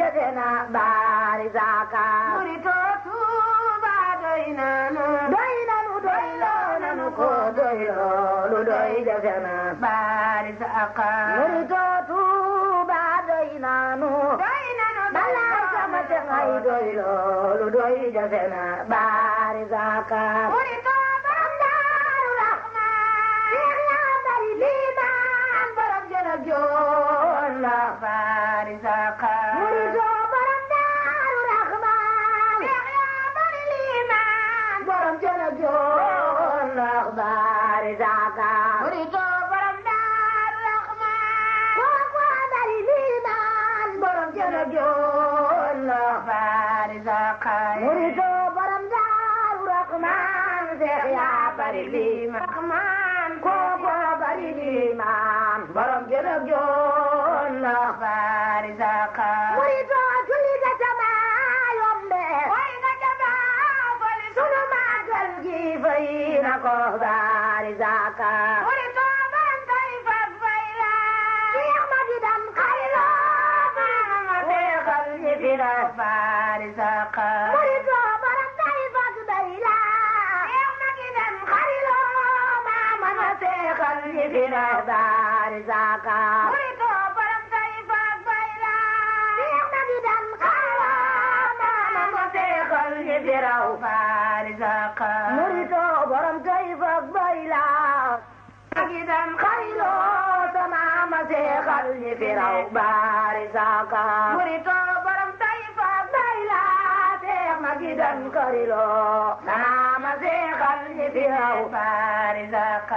jafe na baari zaaka muritoo Tuuba doy nanu doy nanu doy loo nanu ko doy loolu doy jafe na baari zaaka muritoo Tuuba doy nanu doy nanu balaa sama te ngay doy loolu doy jafe na baari zaaka muritoo borom daaru raxmaan neex naa bari liimaan borom jëna joon la baari zaaka bari liimaan raxmaan kookoo bari liimaan borom gën a joon la bari saqa muritoo julli nga jamaa yombe way nga jamaa fali sunu màggal gi fay na ko bari saqa muritoo ban tay fas fay la Seex ma di dam xariloo ma ma feexal ñi fi na bari saqa مهدار زاكا مريدو برم تايفاك بايرا شيخ نجدن قالا ماما مسيخ الجبيرو فارزاكا مريدو برم تايفاك بايلا نجدن خيلو تمام مسيخ الجبيرو بارزاكا مريدو برم تايفاك بايلا شيخ نجدن قريلو تمام مسيخ الجبيرو فارزاكا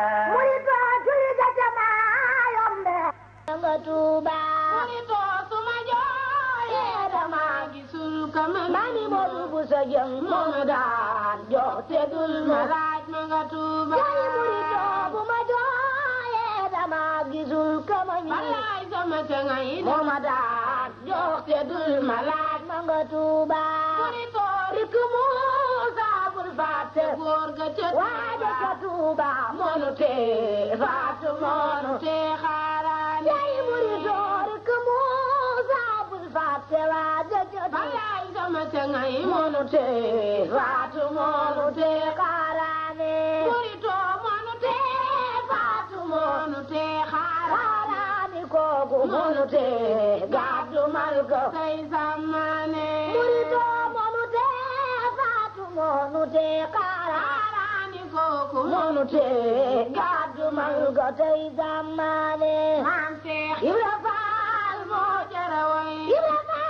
ba Touba. mu ngi toog su ma jooyee damaa gisul ka ma. mami Modou Bousso Dieng. moo ma daan jox te dul ma laaj ma nga Touba. yaay mu ngi toog bu ma jooyee damaa gisul ka ma. walaay sama cënga yi. moo ma daan jox te dul ma laaj ma nga Touba. mu ngi toog rek mu saabul fàtte. góor ga ca Touba. waa de ca Touba. moo nu tee. faatu moo nu tee xaar. ngai monu te fatu monu te karane burito monu te fatu monu te karane kogu monu te gadu malgo sai samane burito monu te fatu monu te karane kogu monu te gadu منقطي زماني يبرفع الموجروي يبرفع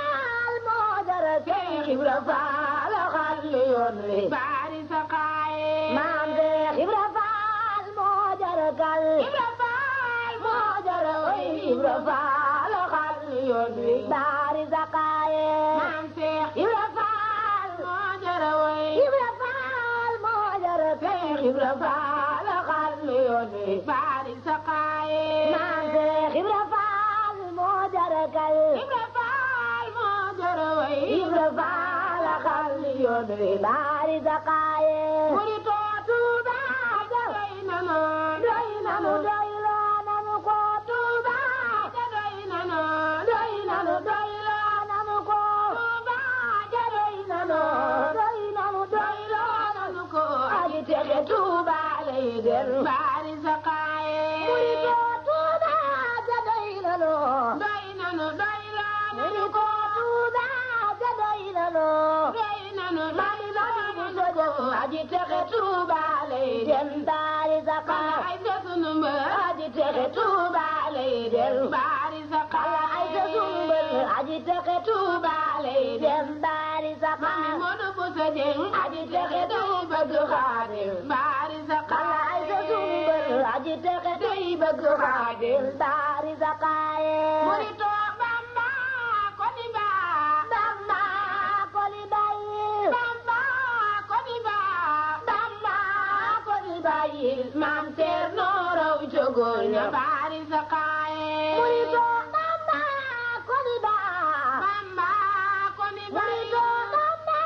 الموجروي يبرفع الغليون باري سقاي مامدي يبرفع الموجروي يبرفع الموجروي يبرفع الغليون باري سقاي يبرفع الموجروي يبرفع الموجروي يبرفع ni baari saqaaye maam Seex Ibra Faal moo jara kay Ibra Faal moo jara way Ibra Faal a xalli yoon wi baari saqaaye muri tootu baa doy nanu doy nanu doy loo nanu ko Tuuba doy nanu doy nanu doy loo nanu ko Tuuba doy nanu doy nanu doy loo nanu ko aji texe Tuuba lay dellu a texe tuubaale yi dem baari saqa ay te sunu a aji texe tuubaale yi dem baari yi dem baari saqa mami modu busa jeng aji texe day bëgg xaadim baari saqa ay te sunu mbër aji texe day bëgg xaadim baari góor ña baari saqaaye murido bamba koni ba bamba koni ba murido bamba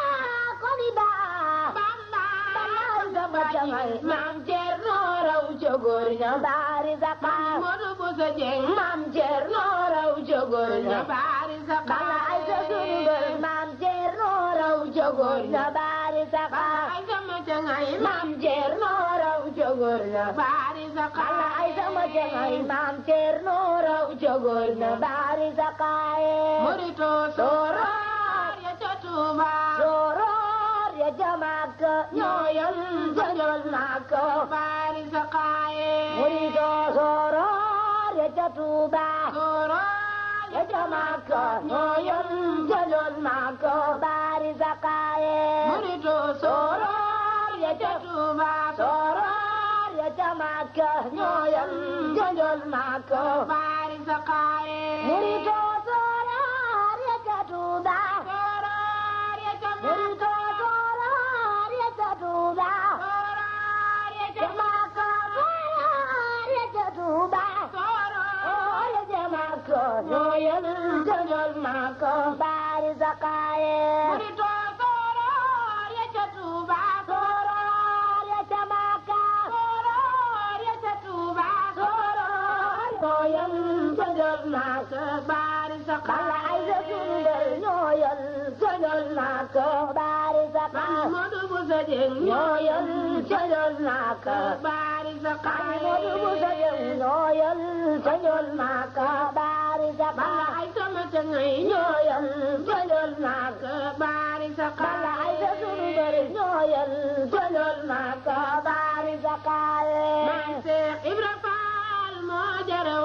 koni ba bamba bamba sama jamal maam Cerno raw ca góor ña baari saqaaye modu sa jeng maam Cerno raw ca góor ña baari saqaaye bala ay sa sundal baari saqaaye bala ay sama jamal maam Cerno raw ca góor ña xala ay sama jangay maam Cerno raw jogol na baari sakaye murito sooroor ya ca Tuuba sooroor ya ca Makka ñooyal jogol Makka baari sakaye murito sooroor ya ca Tuuba sooroor ya ca Makka ñooyal jogol Makka baari sakaye murito sooroor ya ca Tuuba sooroor Makka ñoo yem jojol Makka bari sa ya ka tuba sorar ya ka balla ay sa sumbal ñooyal sojol naa ko baari sa kaas Modu Busa Jeng ñooyal sojol naa ko baari sa kaas Modu Busa Jeng ñooyal sojol naa ko baari sa kaas balla Ibra Faal moo jara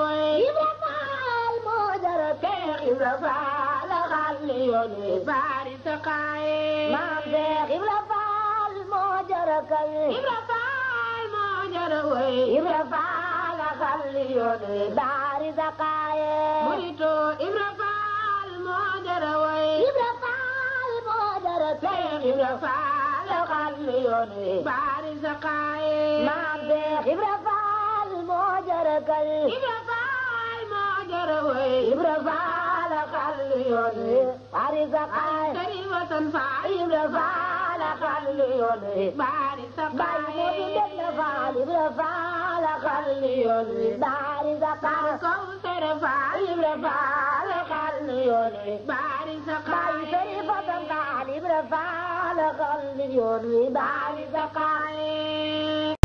Ibra Faal xal yoon wi bari saqaaye maam Seex Ibra Faal moo jara kay Ibra Faal moo jara way Ibra Faal xal yoon wi bari saqaaye murito Ibra Faal moo jara way Ibra Faal moo jara kay Ibra Faal xal yoon wi bari saqaaye maam Seex Ibra Faal moo jara kay Ibra Faal moo jara way Ibra Faal la xàll yoon wi bari sa xaay kari watan faal ibra faal la xàll yoon wi bari sa xaay bari moo di faal ibra faal la xàll yoon wi bari sa xaay kaw sere faal ibra faal la xàll yoon wi bari sa xaay kari watan faal ibra faal la xàll yoon wi bari sa xaay